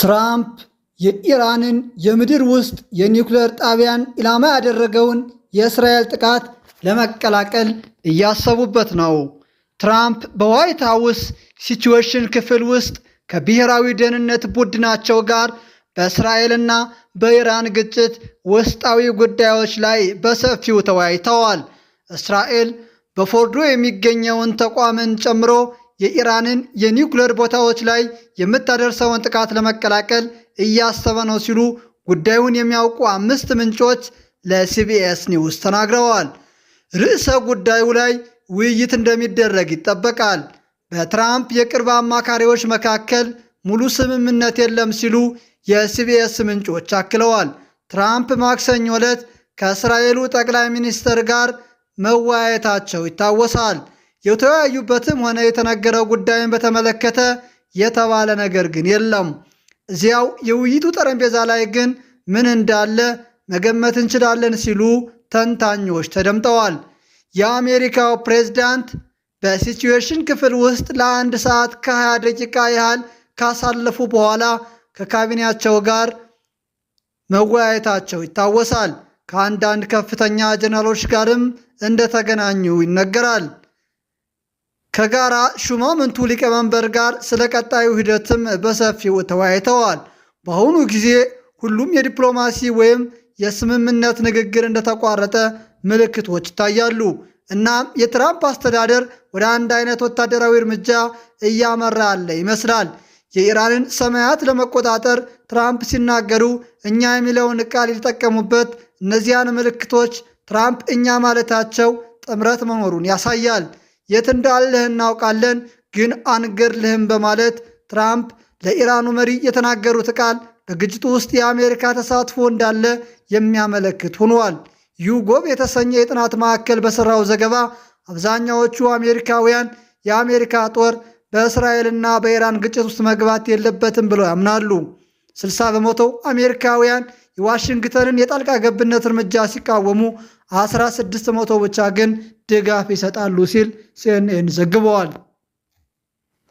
ትራምፕ የኢራንን የምድር ውስጥ የኒውክሌር ጣቢያን ኢላማ ያደረገውን የእስራኤል ጥቃት ለመቀላቀል እያሰቡበት ነው። ትራምፕ በዋይት ሀውስ ሲቹዌሽን ክፍል ውስጥ ከብሔራዊ ደህንነት ቡድናቸው ጋር በእስራኤልና በኢራን ግጭት ውስጣዊ ጉዳዮች ላይ በሰፊው ተወያይተዋል። እስራኤል በፎርዶ የሚገኘውን ተቋምን ጨምሮ የኢራንን የኒውክሌር ቦታዎች ላይ የምታደርሰውን ጥቃት ለመቀላቀል እያሰበ ነው ሲሉ ጉዳዩን የሚያውቁ አምስት ምንጮች ለሲቢኤስ ኒውስ ተናግረዋል። ርዕሰ ጉዳዩ ላይ ውይይት እንደሚደረግ ይጠበቃል። በትራምፕ የቅርብ አማካሪዎች መካከል ሙሉ ስምምነት የለም ሲሉ የሲቢኤስ ምንጮች አክለዋል። ትራምፕ ማክሰኞ ዕለት ከእስራኤሉ ጠቅላይ ሚኒስትር ጋር መወያየታቸው ይታወሳል። የተወያዩበትም ሆነ የተናገረው ጉዳይን በተመለከተ የተባለ ነገር ግን የለም። እዚያው የውይይቱ ጠረጴዛ ላይ ግን ምን እንዳለ መገመት እንችላለን ሲሉ ተንታኞች ተደምጠዋል። የአሜሪካው ፕሬዝዳንት በሲቹዌሽን ክፍል ውስጥ ለአንድ ሰዓት ከ20 ደቂቃ ያህል ካሳለፉ በኋላ ከካቢኔያቸው ጋር መወያየታቸው ይታወሳል። ከአንዳንድ ከፍተኛ ጀነራሎች ጋርም እንደተገናኙ ይነገራል። ከጋራ ሹማምንቱ ሊቀመንበር ጋር ስለ ቀጣዩ ሂደትም በሰፊው ተወያይተዋል። በአሁኑ ጊዜ ሁሉም የዲፕሎማሲ ወይም የስምምነት ንግግር እንደተቋረጠ ምልክቶች ይታያሉ። እናም የትራምፕ አስተዳደር ወደ አንድ አይነት ወታደራዊ እርምጃ እያመራ ያለ ይመስላል። የኢራንን ሰማያት ለመቆጣጠር ትራምፕ ሲናገሩ እኛ የሚለውን ቃል የተጠቀሙበት እነዚያን ምልክቶች ትራምፕ እኛ ማለታቸው ጥምረት መኖሩን ያሳያል። የት እንዳለህ እናውቃለን፣ ግን አንገድልህም በማለት ትራምፕ ለኢራኑ መሪ የተናገሩት ቃል በግጭቱ ውስጥ የአሜሪካ ተሳትፎ እንዳለ የሚያመለክት ሆኗል። ዩጎብ የተሰኘ የጥናት ማዕከል በሠራው ዘገባ አብዛኛዎቹ አሜሪካውያን የአሜሪካ ጦር በእስራኤልና በኢራን ግጭት ውስጥ መግባት የለበትም ብለው ያምናሉ። 60 በመቶው አሜሪካውያን የዋሽንግተንን የጣልቃ ገብነት እርምጃ ሲቃወሙ 16 በመቶ ብቻ ግን ድጋፍ ይሰጣሉ ሲል ሲኤንኤን ዘግበዋል።